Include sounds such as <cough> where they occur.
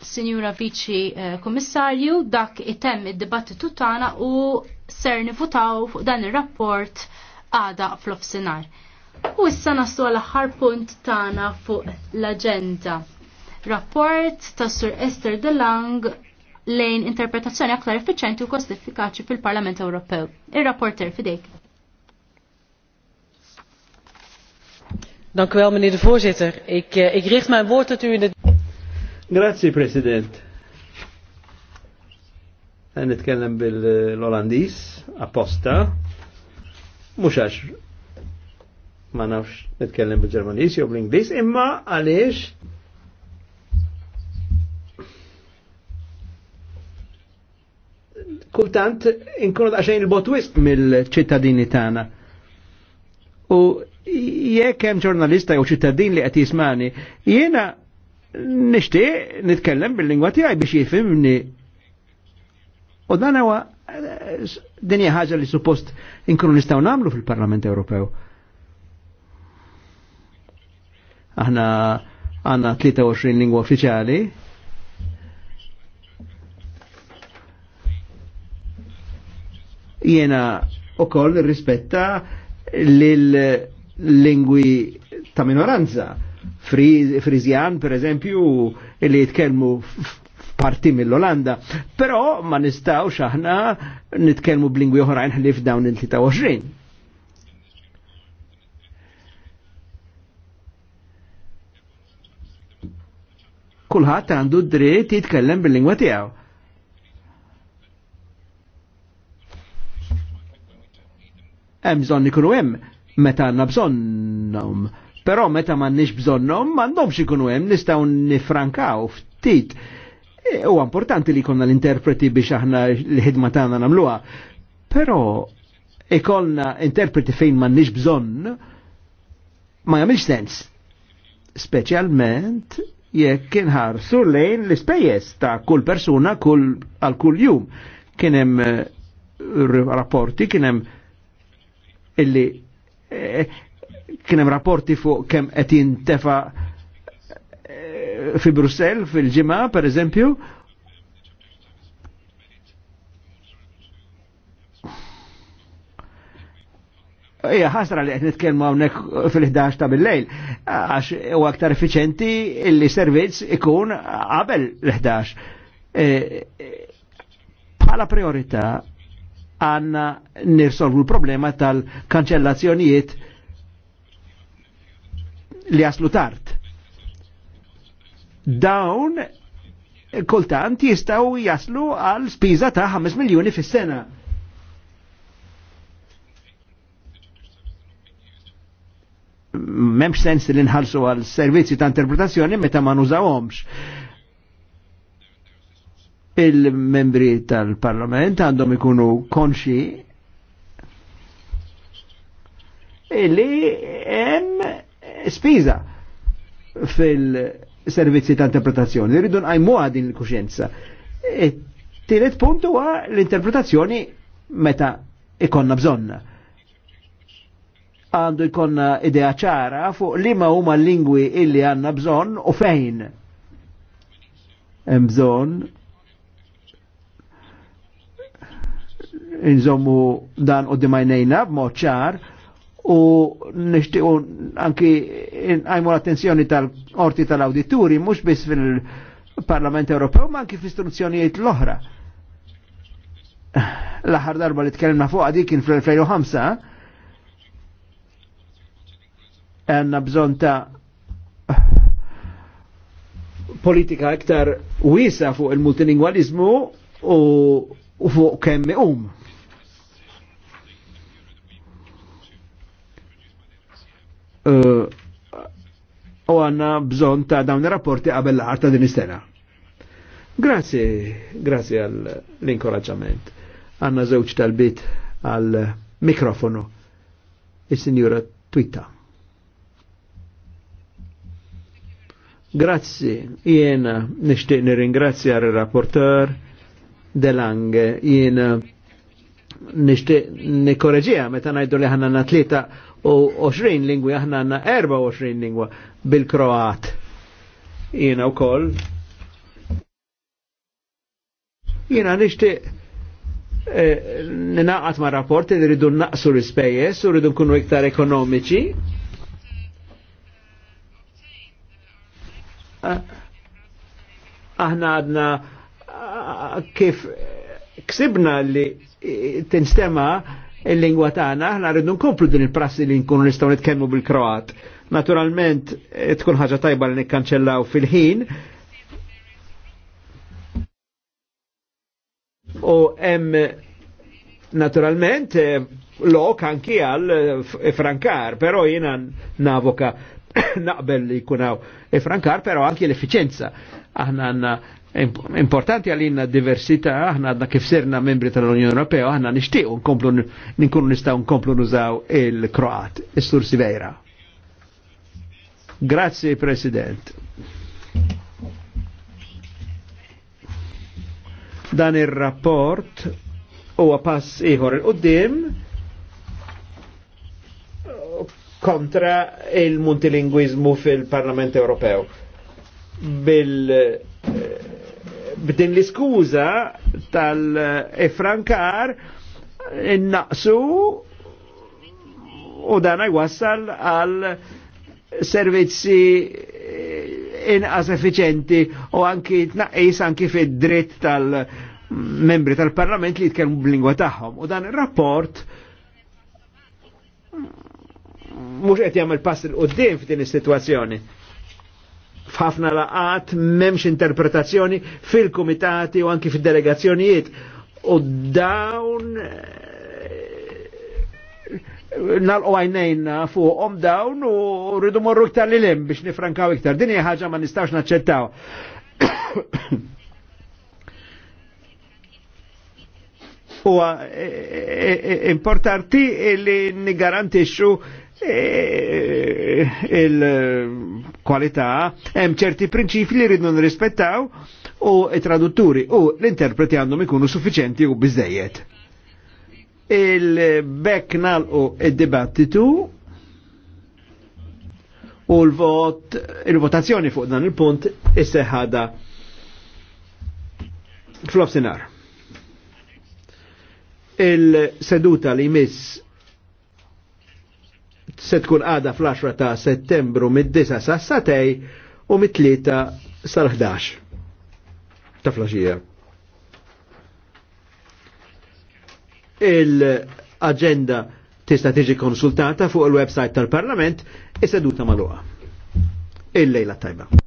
Signora Vici eh, Kommissarju, dak item id-dibattitu tagħna u ser nifutaw fuq dan ir-rapport għada fl-offsinar. U issa naslu l-aħħar punt tagħna fuq l-aġenda. Rapport ta' Sur Esther DeLang lejn interpretazzjoni aktar effiċenti u kost effikaċi fil-Parlament Ewropew. Ir-rapporter fidejk. meneer de voorzitter. Ik, uh, ik richt mijn woord tot u in de. Grazie, president. Għan nitkellem eh, bil-Olandis, apposta, mux għax ma nafx nitkellem bil-Ġermanis jew bl-Inglis, imma għaliex kultant inkunu daqxajn il-botwist mill-ċittadini tagħna. U jekk hemm ġurnalista jew ċittadin li qed jismani, jiena nixtieq nitkellem bil-lingwa tiegħi biex jifhimni. U dan huwa din hija ħaġa li suppost inkunu nistgħu nagħmlu fil-Parlament Ewropew. Aħna għandna 23 lingwa uffiċjali. Jiena ukoll rispetta lil lingwi ta' minoranza. Frizjan, per eżempju, li jitkelmu parti mill-Olanda, però ma nistawx aħna nitkelmu b'lingwi oħrajn ħlif dawn il-23. Kulħadd għandu dritt jitkellem bil-lingwa tiegħu. Hemm bżonn ikunu hemm meta għandna bżonnhom. Però meta m'għandniex bżonnhom m'għandhomx ikunu hemm nistgħu nifrankaw ftit. E, huwa e, importanti li jkollna l-interpreti biex aħna l-ħidma tagħna nagħmluha. Però ikollna e interpreti fejn m'għandniex bżonn ma jagħmilx sens. Speċjalment jekk inħarsu lejn l-ispejjeż ta' kull persuna kull għal kull jum. Kien hemm eh, rapporti, kien hemm illi kien hemm rapporti fuq kemm qed jintefa eh, fi Brussell fil-ġimgħa pereżempju. Ija ħasra li qed nitkellmu hawnhekk fil-11 ta' bil-lejl għax u għaktar efficienti illi servizz ikun għabel l-11. Eh, eh, bħala priorita, għanna nirsolvu l-problema tal-kanċellazzjonijiet li għaslu tard. Dawn kultant jistaw jaslu għal spiża ta' 5 miljoni fis-sena. Memx sens li nħalsu għal servizzi ta' interpretazzjoni meta ma nużawhomx il-membri tal-parlament għandhom ikunu konxi illi hemm spiża fil-servizzi ta' interpretazzjoni. Rridu nqajmuha din il-kuxjenza. Tielet punt huwa l-interpretazzjoni meta ikonna bżonna. Għandu jkonna idea ċara fuq li ma huma l-lingwi illi għanna bżonn u fejn. Hemm bżonn Inżommu dan u dimajnejna b'moċar u nishtiqu anki għajmu l-attenzjoni tal-orti tal-auditori, mux biss fil-Parlament Ewropew, ma anki fil-istruzzjonijiet l-oħra. L-aħħar darba li tkellimna fuq għadik fl-2005, għanna bżon ta' politika iktar wisa fuq il-multilingualizmu u u fuq kemm um. U għanna bżon ta' dawn rapporti qabel l ta' din istena. Grazie, grazie għall-inkoraġġament. Għanna żewġ tal-bit għal-mikrofonu. il sinjura Twitta. Grazie, jena nishtiq nirringrazzja r-rapporter, Delang jien eh, nishtiq nikorreġija meta ngħidu li ħanna tlieta u 20 lingwi aħna għandna 24 lingwa bil-Kroat. Jiena wkoll. Jiena nixtieq eh, ninaqat ma' rapporti li rridu naqsu l-ispejjeż u rridu nkunu iktar ekonomiċi. Eh, aħna għadna kif ksibna li tinstema il-lingwa tagħna, aħna rridu nkomplu din il-prassi li nkunu nistgħu nitkellmu bil-Kroat. Naturalment eh, tkun ħaġa tajba li nikkanċellaw fil-ħin. U hemm naturalment eh, lok anki għal eh, frankar, però jiena navoka <coughs> naqbel li jkunaw il-Frankar, e pero anki l-efficienza. Aħna għanna importanti għalina diversita, aħna għadna kif serna membri tal-Unjoni Ewropea, aħna nishtiq nkomplu ninkunu nistaw nkomplu nużaw il-Kroat, il sur Sivera. Grazie, President. Dan il rapport u għapass iħor il-qoddim kontra il-multilingwizmu fil-Parlament Ewropew. Bil eh, b'din l-iskuża tal-Efrankar innaqsu u dan jwassal għal servizzi eh, inqas effiċenti u anki tnaqis anki fid-dritt tal-membri tal-Parlament li jitkellmu b'lingwa tagħhom. U dan ir-rapport mux għet jagħmel pass il qoddim f'din il-situazzjoni. F'ħafna laqat memx interpretazzjoni fil komitati u anki fil delegazzjonijiet u dawn eh, nalqu għajnejna fuqhom dawn u rridu morru iktar li lim biex nifrankaw iktar. Dini ħagġa ma nistax naċċettaw. U <coughs> eh, eh, importanti li nigarantixxu E, il-kwalità, hemm ċerti prinċipi li rridu nirrispettaw u tradutturi u l-interpreti għandhom ikunu suffiċenti u biżejjed. Il-bekk nalqu id-dibattitu u l-vot, il-votazzjoni fuq dan il-punt isseħada fl-offsinar. Il-seduta li miss se tkun għada fl-10 ta' settembru mid-9 sa' satej u mid 3 sal-11 ta' flaxija. Il-agenda tista' tiġi konsultata fuq il-website tal-Parlament is-seduta magħluqa. Il-lejla tajba.